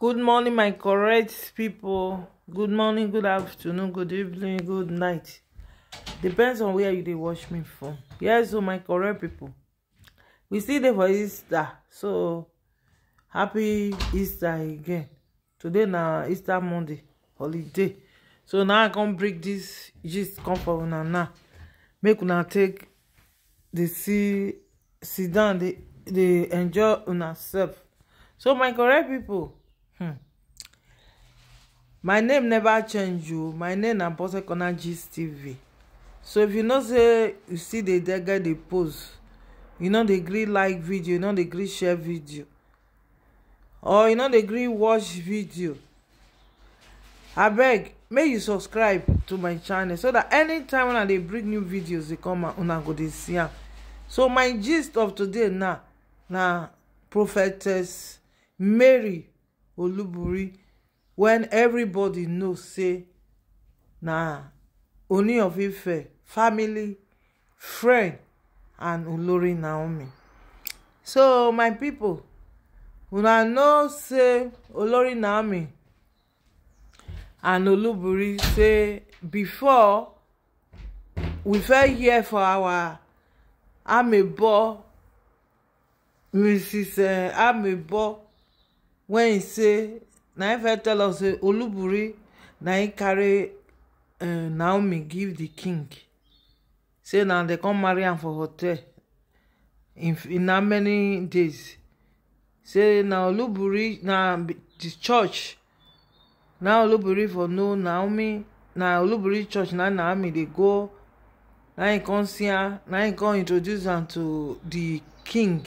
good morning my correct people good morning good afternoon good evening good night depends on where you dey watch me from yes so my correct people we see the for easter so happy easter again today na easter monday holiday so now i can break this just come for una now make una take the see sit down dey enjoy una sef so my correct people. Hmm. my name never change o oh. my name na bose corner gist tv so if you know say you still dey dege dey post you no dey gree like video you no dey gree share video or you no dey gree watch video abeg make you subscribe to my channel so that anytime when i dey bring new videos dey come out una go dey see am so my gist of today now na prophetess mary oluburi when everybody know say na oni of ife family friend and olori naomi so my pipo una know say olori naomi and oluburi say before we fit hear for our amebo mrs eh, amebo When he say na him first tell us say oluburi na him carry eh, naomi give the king say na dem come marry am for hotel in how many days say na oluburi na the church na oluburi for no naomi na oluburi church na naomi dey go na him come see her. na him come introduce am to the king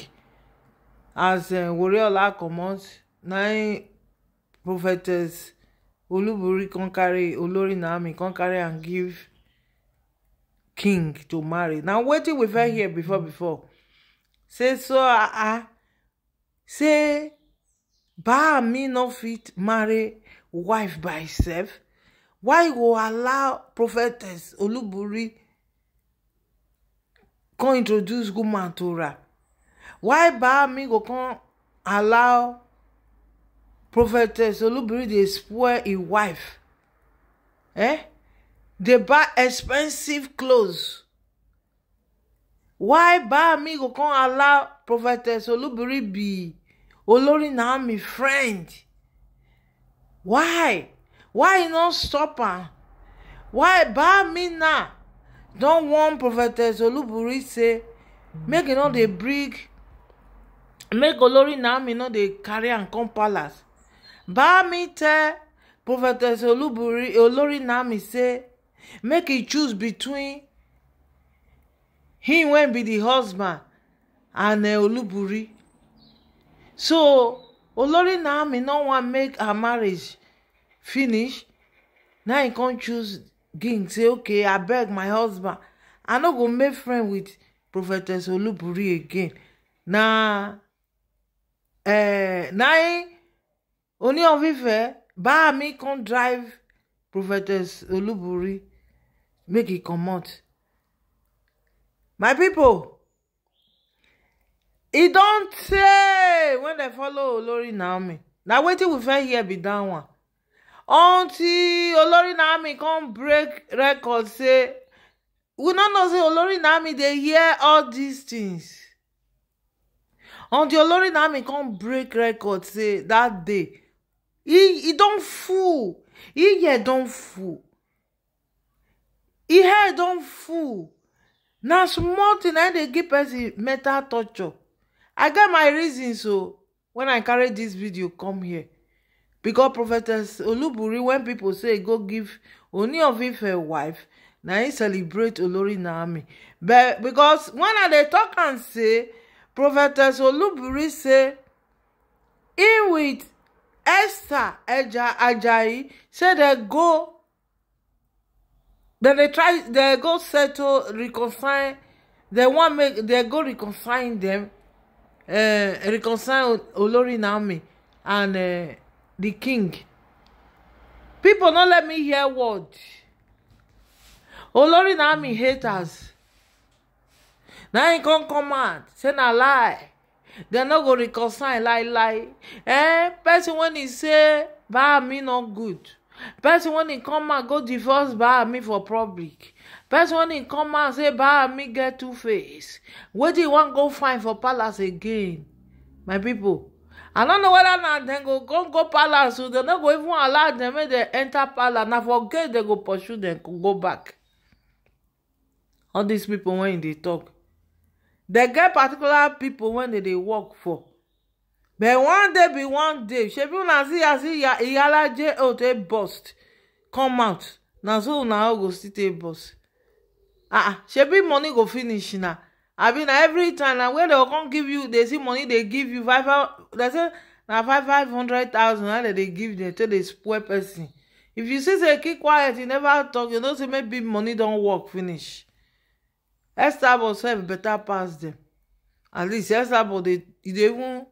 as eh, wariola comot Nine prophets, oluburi come carry olori naami come carry and give king to marry na wetin we fit hear before mm. before say so ah say baami no fit marry wife by herself why go allow prophets oluburi come introduce woman to ra why baami go come allow prophetess olubiri dey spoil im wife eh dey buy expensive clothes why baami go come allow prophetess olubiri be olori naomi friend why why e no stop am why baami now don warn prophetess olubiri say make e no dey bring make olori naomi no dey carry am come palace bá mi tell prophetess oluburi olori naomi say make he choose between him wey be the husband and eh, oluburi so olori naomi no wan make her marriage finish Now he come choose ging say okay abeg my husband i no go make friend with prophetess oluburi again na eh, na im eh, Oni Ooni of Ife, mi come drive Prophetess Oluburi make e comot. My pipo, e don tey wen dem follow Olori Naomi. Na wetin we fit hear be dat one. Until Olori Naomi come break record say we no know say Olori Naomi dey hear all dis tins. Until Olori Naomi come break record say dat day He, he don full. He ear don full. He head don full. Now, small thing I dey give person mental torture. I got my reasons so when I carry this video come here. Because Prophetess Oluburi, when people say go give only of Ife wife, now he celebrate Olori Naomi. But because when I dey talk and say Prophetess Oluburi say in with esther eja ajayi say dem go dem dey try They go settle reconcile They want make They go reconcile them. uh, reconcile olori naomi and uh, the king people no let me hear word olori naomi haters Now he come come out say na lie dem no go reconcile láíláí eh person wey e say me no good person wey e come out go divorce me for public person wey e come out say me get two face wetin e wan go find for palace again my pipo i no know whether na dem go go palace o dem no go even allow dem make dem enter palace na for gate dem go pursue dem go back all dis pipo wey e dey tok dem get particular pipo wey dem dey work for but one day be one day shebi una see as iyala jo take burst come out na so una all go still take burst ah shebi ah, money go finish na i mean na every time na when dem come give you dey see money dey give you five they say na five five hundred thousand na dem dey give dem take dey spoil person if you see say keep quiet you never talk you know say maybe money don work finish Esabod sef better pass dem at least Esabod dey e dey even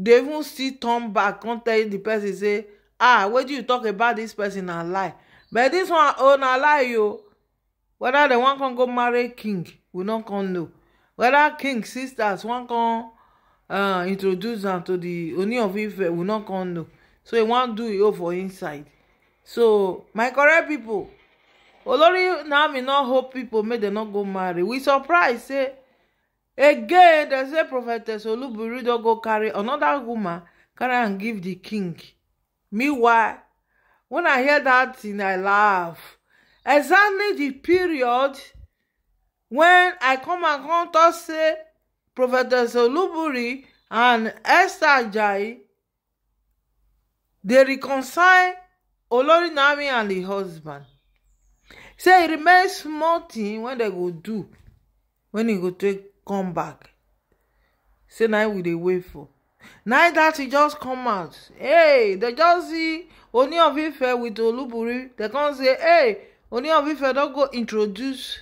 dey even still turn back come tell the person say ah wetin you talk about this person na lie but this one oh na lie o whether dem wan come go marry king we no come know whether king sisters wan come uh, introduce am to the Ooni of Ife we no come know so he wan do e own for inside so my correct people olori naomi no hope pipo make dem no go marry we surprise say again dem say prophetess olubiri don go carry anoda woman carry am give di king meanwhile wen i hear dat tin i laugh exactly di period wen i come and come tok say prophetess olubiri and esther ajayi dey reconcile olori naomi and di husband say e remain small thing wey dem go do when e go take come back say na we dey wait for na that e just come out hey dem just see oni of ife with oluburi dem come say hey oni of ife don go introduce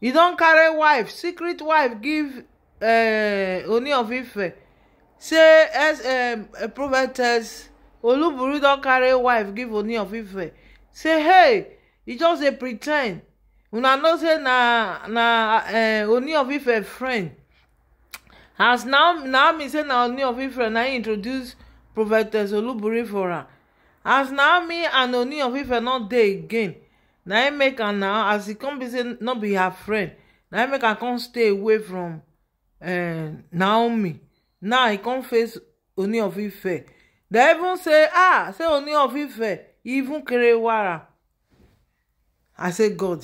e don carry wife secret wife give eh, oni of ife say as a prophetess oluburi don carry wife give oni of ife say hey e just dey pretend una know say na na eh, oni of ife friend as naomi say na oni of ife na im introduce prophetess olubori for am as naomi and oni of ife no dey again na im make am now as e come be say no be her friend na im make am come stay away from eh, naomi now he come face oni of ife dem even say ah say oni of ife even carry kerewara I say, God,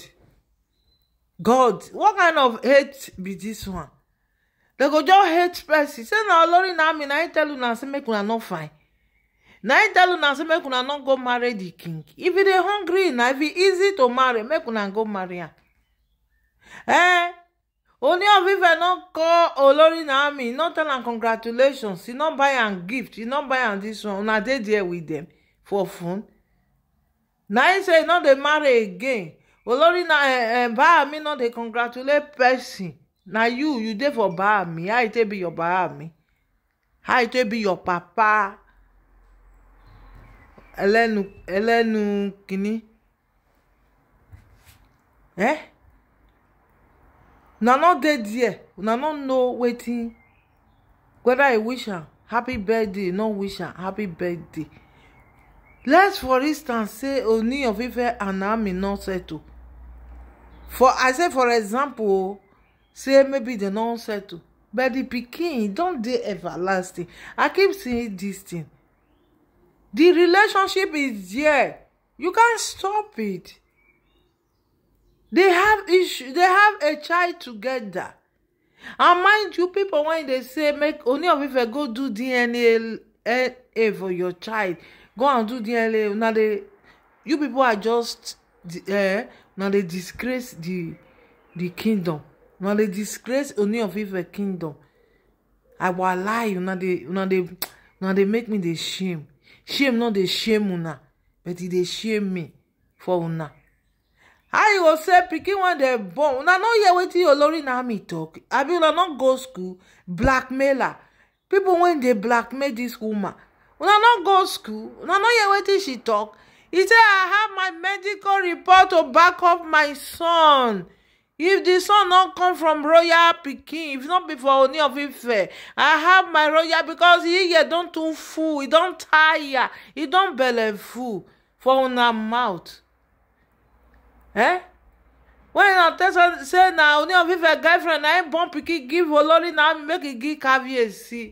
God, what kind of hate be this one? They go just hate person. Say, now, Lori, now, me, now, I tell you, now, say, make una not fine. Now, I tell you, now, say, make una not go marry the king. If you dey hungry, now, if it easy to marry, make una go marry am Eh? Only of Ife no call Olori Naomi, no tell am congratulations, you no buy am gift, you no buy am this one, una dey there with dem for fun. na him say e no dey marry again olori na eh, eh, baami no dey congratulate pesin na you you dey for baami how e take be your baami how e take be your papa elenu elenu kini eh una no dey there una no know wetin whether e wish am happy birthday no wish am happy birthday let's for instance say Ooni of Ife and Naomi no settle for i say for example say maybe dem no settle but the pikin don't dey everlasting i keep seeing this thing the relationship is there you can't stop it They have issue They have a child together and mind you people when they say make Ooni of Ife go do dna eh, eh, for your child go and do dna una dey you people are just eh una dey disgrace the the kingdom una dey disgrace oni of ife kingdom i lie una dey una dey una dey make me dey shame shame no dey shame una but e dey shame me for una how you go say pikin wen dem born una no hear wetin olori naomi talk abi una no go school blackmailer people wen dey blackmail dis woman una no go school una no hear wetin she talk He say i have my medical report to back up my son if di son no come from royal pikin if not be for oni of ife i have my royal because he year don too full he don tire he don belle full for una mouth eh wen una tell say na oni of ife friend, na im born pikin give olori na make he give caviar see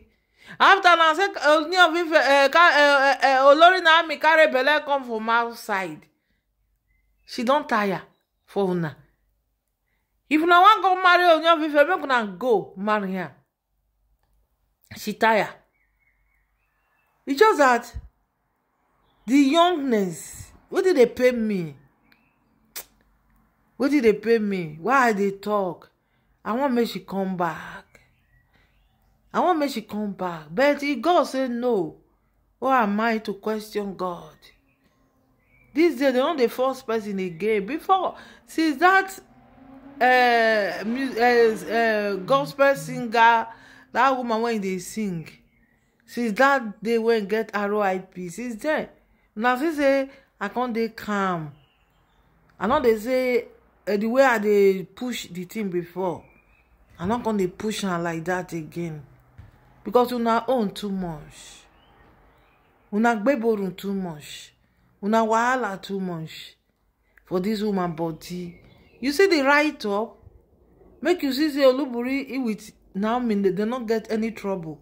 after uh, uh, uh, na say ooni of ife olori naomi carry belle come from outside she don tire for una if una wan go marry ooni of ife make una go marry her. she tire e just that the youngness wetin dey pay me wetin dey pay me why i dey talk i wan make she come back i want make she come back but if god say no who am i to question god dis day dem don dey force person again before since dat uh, uh, uh, gospel singer that woman when they sing since that day wey get roip since then, now see say i can't they calm i know they say the way i dey push the thing before I'm not gonna push her like that again because una own too much una gbeborun too much una wahala too much for this woman body you see the write up make you see say oluburi with naomi dem no get any trouble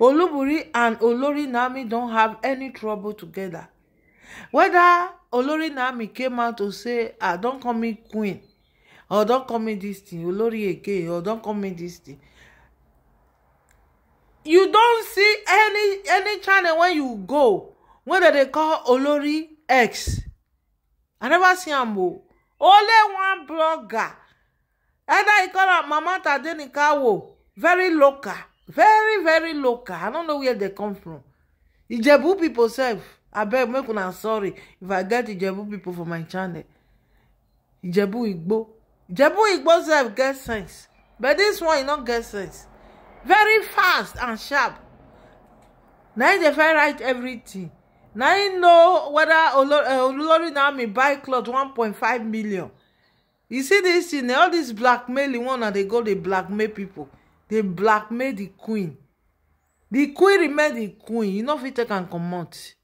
oluburi and olori naomi don have any trouble together. Whether olori naomi came out to say ah don call me queen or don call me this thing olori again or don call me this thing you don see any any channel when you go wey dem dey call olori x i never see am o only one blogger either he call am mama tadenikawo very local very very local i no know where dem come from ijebu pipo sef abeg make una sorry if i get ijebu pipo for my channel ijebu igbo ijebu igbo sef get sense but dis one e no get sense very fast and sharp na him dey fit write everything na him know whether uh, olori naomi buy cloth five million you see dis thing all dis blackmailing one na dey go dey blackmail people. dey blackmail the queen The queen remain the queen you no fit take am comot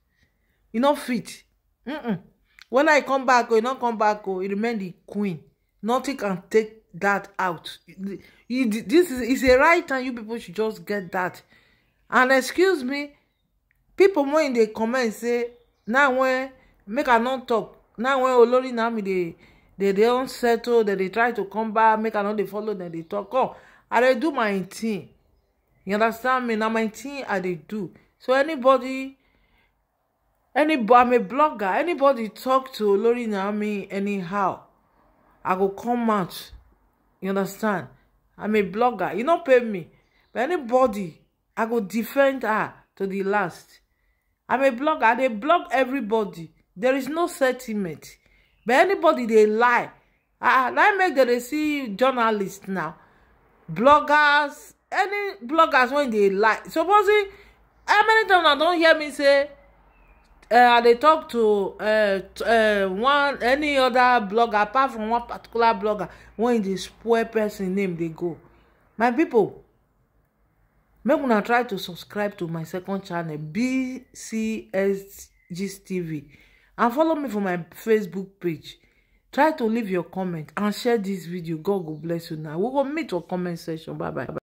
you no fit mm mm whether e come back or oh, you no come back or oh, you remain the queen nothing can take that out you, this is it's a right and you people should just get that and excuse me people more in the comment say now when make i not talk now when olori Naomi they they they don't settle that they try to come back make i not they follow them they talk oh i dey do my thing you understand me Now my thing i they do so anybody anybody i'm a blogger anybody talk to olori Naomi anyhow i go come out you understand i'm a blogger you no pay me but anybody i go defend her to the last i'm a blogger They blog everybody there is no sentiment but anybody they lie ah like ah, make dem dey see journalists now bloggers any bloggers when they lie supposing how many times i don't hear me say Eh, i dey talk to uh uh one any other blogger apart from one particular blogger when e dey spoil person name dey go my people. make una try to subscribe to my second channel bcsgtv and follow me for my facebook page try to leave your comment and share this video god go bless you now we go meet for comment section bye bye